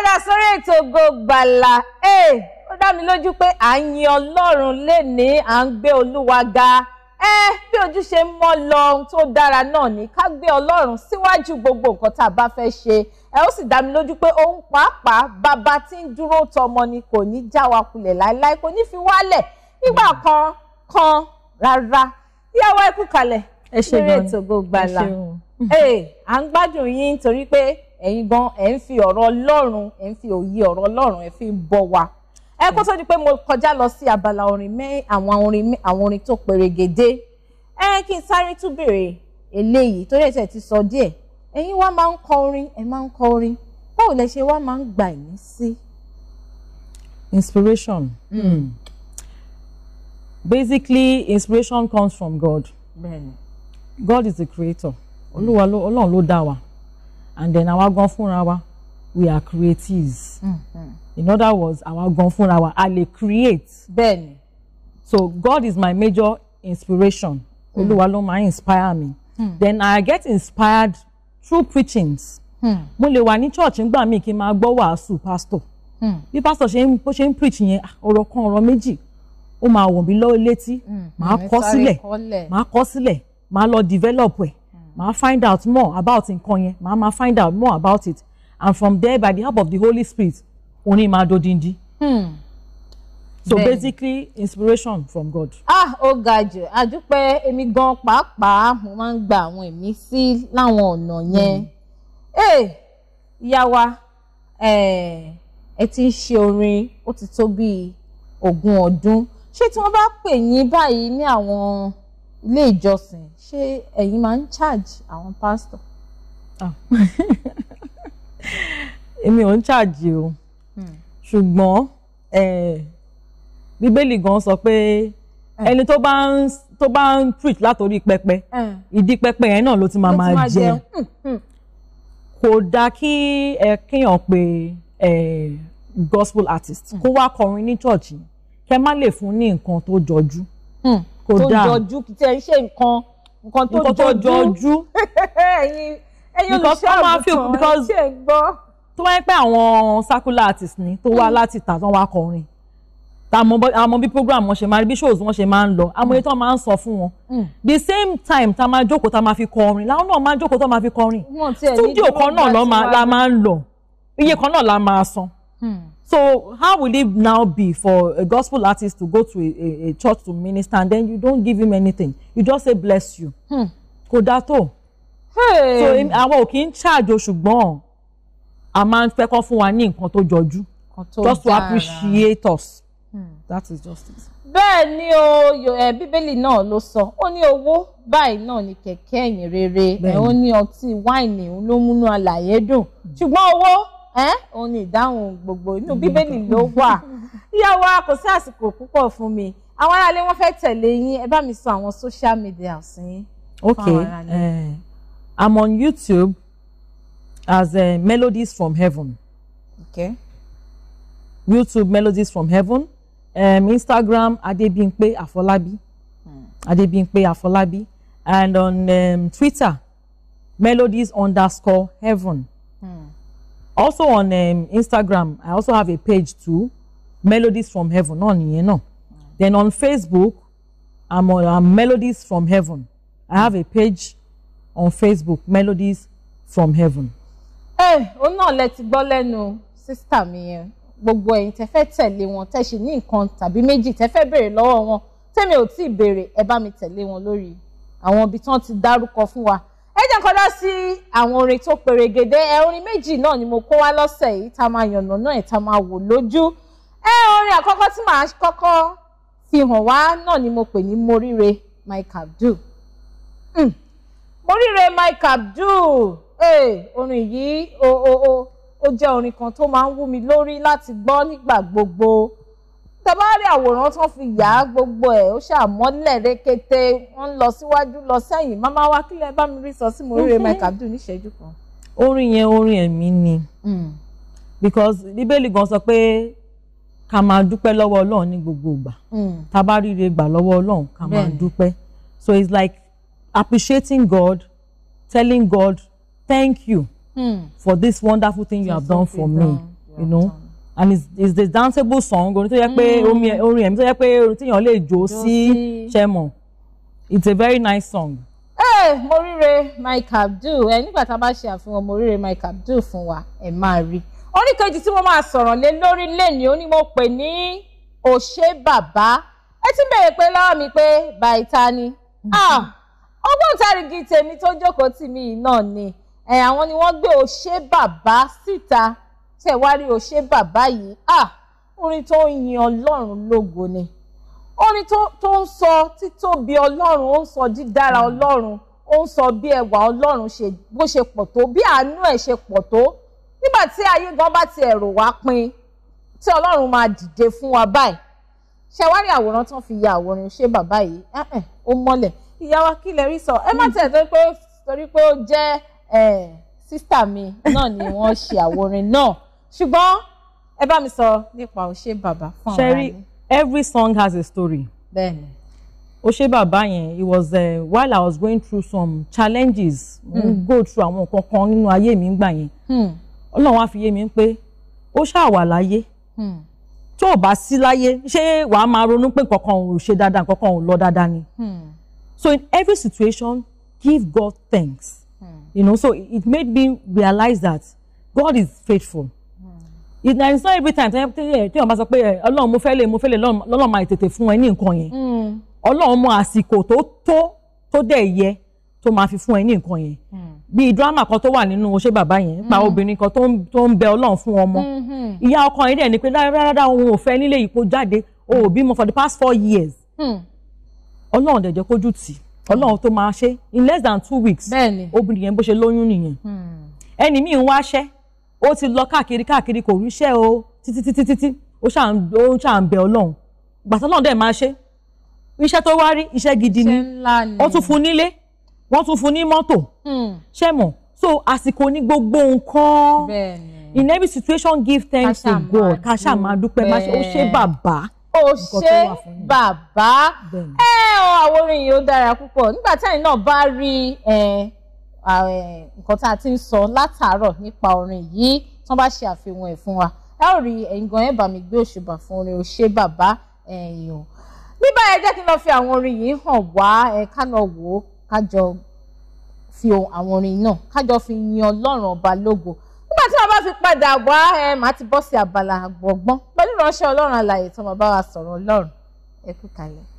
padà sórí ètò Ògo Ìgbàlà eh, ó dá mi lójú pé à ń yin Ọlọ́run lénìí à ń gbé Olúwa ga ẹ eh, bí ojú ṣe mọ́ lọ ohun tó dára náà ni ká gbé Ọlọ́run síwájú gbogbo nǹkan tá a bá fẹ́ ṣe ẹ ó sì dá mi lójú pé òun pàápàá bàbá tí ń dúró tọmọ ni kò ní já wa kulẹ̀ láéláé kò ní fi wálẹ̀ nígbà mm. kan kan rárá yàwá ẹ kú kalẹ̀ lórí ètò Ògo Ìgbàlà eh, à ń gbádùn yín torí pé ẹ̀yin gan ẹ̀ ń fi ọ̀rọ̀ ọlọ́run ẹ̀ ń fi òye ọ̀rọ̀ ọlọ́run ẹ̀ fi ń bọ̀ wá. ẹ kó tó di pé mo kọjá lọ sí abala orin mẹ́ àwọn orin àwọn orin tó perégedé ẹ kí n sáré tún béèrè eléyìí torí ẹ̀sẹ̀ ti sọ díẹ̀ ẹ̀yin wá máa ń kọ orin ẹ̀ máa ń kọ orin báwo lẹ ṣe wá máa ń gbà yín sí. inspiration mm. basically inspiration comes from God. Bẹ́ẹ̀ni. God is the creator. Olúwa Ọlọ́run ló dá wa. Mm and then our gan fúnra wa we are creatives mm -hmm. in other words àwa gan fúnra wa a create. bẹ́ẹ̀ni. so God is my major inspiration mm. inspire me mm. then I get inspired through preachings mm. mo lè wà ní church ńgbà míì kí n máa gbọ́ pastor mm. pastor ṣe ń bó ṣe ń preach yẹn ah, ọ̀rọ̀ kan ọ̀rọ̀ méjì ó máa wọ̀ mí lọ́wọ́ létí mm. màá mm, kọ sílẹ̀ màá kọ sílẹ̀ màá lọ develop we màá find out more about nǹkan yẹn màá máa find out more about it and from there by the help of the Holy Spirit orin máa dodindi. Hmm. so Then. basically inspiration from God. ah ó ga jù àdúpẹ́ èmi gan pàápàá mo máa ń gba àwọn ẹ̀mí sí láwọn ọ̀nà yẹn hmm. eh, ìyá wa eh, ẹ ti ń ṣe orin ó ti tó bíi ogún ọdún ṣé tí wọ́n bá pè yín báyìí ní àwọn ilé ìjọsìn ṣé ẹ̀yin máa ń charge àwọn pastor. Ah. èmi ò ń charge o hmm. ṣùgbọ́n bíbélì gan sọ pé eh. ẹni tó bá ń tó bá ń preach látòrí pẹpẹ eh. ìdí pẹpẹ yẹn náà ló ti máa máa jẹun hmm, hmm. kò dáa kí ẹ kíyàn pé gospel artist kó wá kọrin ní church kẹ má lè fún ní nǹkan tó jọjú tó jọjú tí ẹ ń ṣe nǹkan nǹkan tó jọjú ẹ̀yin ẹ̀yin olùṣọ́ àgùntàn ẹ ṣe gbọ́. tó wáyé pé àwọn circular artist ni tó wá láti tà tán wá kọrin àmọ́ bí program wọn ṣe máa rí bí shows wọn ṣe máa ń lọ àmọ́ èyí tó máa ń sọ fún wọn mm. the same time tá máa jókòó tá máa fi kọrin làwọn náà máa jókòó tá máa fi kọrin studio kan náà la máa ń lọ iye kan náà la máa san. Hmm. So how will it now be for a gospel artist to go to a, a, a church to minister and then you don't give him anything? You just say bless you. Hmm. Kò dá tó. So àwọn ò kì í charge o ṣùgbọ́n a máa ń fẹ́ kọ́ fún wa ní nǹkan tó jọjú. Just to appreciate us. Hmm. That is justice. it. Bẹ́ẹ̀ ni o eh, Bíbélì náà ló sọ, ó ní owó báyìí náà ni kẹ̀kẹ́ ẹ̀yìn rere, ẹ̀ ó ní ọtí wáìnì òun ló múnú alààyè dùn. Hmm. Ṣùgbọ́n owó òun ni ìdáhùn gbogbo inú mm. bíbélì ló wà ìyá kò sí àsìkò púpọ̀ fún mi àwọn aráalé wọn fẹ́ tẹ̀lé yín ẹ bá mi sọ àwọn social media sí yín. okay uh, i'm on youtube as uh, melodies from heaven. okay. youtube melodies from heaven um, instagram adebimpe afolabi hmm. adebimpe afolabi and on um, twitter Melodies_Heaven. underscore also on um, Instagram I also have a page too Melodies from Heaven No, ni nìyẹn náà then on Facebook I'm on uh, Melodies from Heaven I have a page on Facebook Melodies from Heaven. ẹ eh, òun náà lẹ ti gbọ́ lẹ́nu sísítà mi yẹn gbogbo ẹ̀yin tẹ́ fẹ́ tẹ̀lé wọn tẹ́ ṣì ní nǹkan tàbí méjì tẹ́ fẹ́ béèrè lọ́wọ́ wọn tẹ́mi ò tí ì béèrè ẹ bá mi tẹ̀lé wọn lórí àwọn ibi tí wọ́n ti dárúkọ fún wa ẹ jẹ́ kọ́ lọ sí àwọn orin tó perégedé ẹ orin méjì náà ni mo kó wá lọ́sẹ̀ yìí tá a máa yànnà náà ẹ̀ tá a máa wò lójú ẹ orin àkọ́kọ́ tí màá kọ́kọ́ fi hàn wá náà ni mo pè ní moríre Mike Abdul mm. moríre Mike Abdul hey, orin yìí ó jẹ́ orin kan tó máa ń wú mi lórí láti gbọ́ nígbà gbogbo tabari àwòrán tán fi yà á gbogbo ẹ ó ṣàmọ́lẹ̀ rekete wọ́n ń lọ síwájú lọ sẹ́yìn màmá wa kílẹ̀ bá mi rí sọ sí mo rí Mike Abdul níṣẹ́jú kan. orin yẹn orin ẹ̀mí ni hmm. because bíbélì gan sọ pé ká máa dúpẹ́ lọ́wọ́ Ọlọ́run ní gbogbo ìgbà hmm. tabari rè gbà lọ́wọ́ Ọlọ́run ká máa dúpẹ́ so it's like appreciating God telling God thank you hmm. for this wonderful thing you have done for me you know and it's, it's the danceable song orin tó yẹ pé mm. orin ẹ̀mí tó yẹ pé orin tíyàn lè jó sí ṣẹ́mọ̀ it's a very nice song. ẹ hey, eh, moríire Mike Abdul ẹ nígbà tá a bá ṣe àfihàn moríire Mike Abdul fún wa ẹ máa rí orin tí mo máa sọ̀rọ̀ lé lórí lẹ́ni ó ní mo pè ní òṣè bàbá ẹ ti bẹ̀rẹ̀ pé lọ́wọ́ mi pé báyìí ta ni ògbóǹtarìgì mm-hmm. ah, tèmi tó jókòó tì mí náà ni àwọn ni wọ́n gbé òṣè bàbá síta. Si tẹ̀ wá o ṣé bàbá yìí à orin tó ń yin ọlọ́run lógo ni orin tó ń sọ títóbi ọlọ́run ó ń sọ dídára hmm. ọlọ́run ó ń sọ bí ẹwà ọlọ́run bó ṣe pọ̀ tó bí àánú ẹ̀ ṣe pọ̀ tó nígbà tí ayé gan bá ti ẹ̀rù wá pin tí ọlọ́run máa dìde fún wa báyìí ṣe wá rí àwòrán tán fi ya àwòrán ṣé bàbá yìí ó mọ́lẹ̀ ìyá wa kí lẹ rí sọ ẹ má hmm. tẹ̀ torí pé torí pé ó jẹ́ sísítà mi náà ni wọ́n ṣe àwòrán náà ṣùgbọ́n ẹ bá mi sọ nípa òṣè bàbá fún àwọn àlè. every song has a story. bẹ́ẹ̀ni. òṣè bàbá yẹn it was uh, while I was going through some challenges mm. go through àwọn nǹkan kan nínú ayé mi gbà yẹn hmm. Ọlọ́run á fi yé mi pé ó ṣáà wà láyé hmm. tó o bá sí láyé ṣé wàá máa ronú pé kankan ò ṣe dáadáa kankan ò lọ dáadáa ni. Hmm. so in every situation give God thanks. Hmm. you know so it made me realize that God is faithful ìgbà it's not every time tí wọ́n bá sọ pé eh, ọlọ́run mo fẹ́ lè mo fẹ́ lè lọ́lọ́run máa tètè fún ẹ ní nǹkan yẹn hmm. ọlọ́run mọ àsìkò tó tó tó dẹ̀ yẹ tó máa fi fún ẹ ní nǹkan yẹn hmm. bíi drama kan tó wà nínú ṣé bàbá yẹn pa hmm. obìnrin kan tó ń bẹ ọlọ́run fún ọmọ ìyá ọkọ yẹn dẹ̀ ni pé rárá òun ò fẹ́ nílé ipò jáde o ò bímọ for the past four years ọlọ́run dẹ̀ jẹ́ kójú tì ọlọ́run tó máa ṣe in less than two weeks obìnrin yẹn bó ṣe lóyún nìyẹn ẹni míì ń wáṣẹ́ ó ti lọ káàkiri káàkiri kò ríṣẹ́ o títí títí títí ó ṣáà ń bẹ ọlọ́run gbàtọ́ náà dẹ̀ máa ṣe iṣẹ́ tó wá rí iṣẹ́ gidi ni ó tún fún nílé wọ́n tún fún ní mọ́tò hmm. ṣé mọ̀ so àsìkò ní gbogbo nǹkan in every situation give thanks to God ká ṣáà máa dúpẹ́ máa ṣe ó ṣe bàbá ó ṣe bàbá ẹ ọ àwòrán yìí ó dára púpọ̀ nígbà táyìn náà bá rí ẹ nǹkan tá a ti ń sọ látàárọ̀ nípa orin yìí tán bá ṣe àfihàn ẹ̀ fún wa ẹ ó rí ẹ̀ǹgàn ẹ̀ bá mi gbé òṣùbà fún orin ó ṣé bàbá ẹ̀yìn o ní báyìí ẹ jẹ́ kí n lọ fi àwọn orin yìí hàn wá ẹ ká lọ wò ó ká jọ fi àwọn orin náà ká jọ fi yin ọlọ́run ọba lógo nígbà tí wọn bá fi padà wá ẹ màá ti bọ́ sí abala àgbọ̀gbọ́n pẹ̀lú ìránṣẹ́ ọlọ́run alààyè tó máa bá wa sọ̀rọ̀ ọlọ́run ẹ kú kalẹ̀.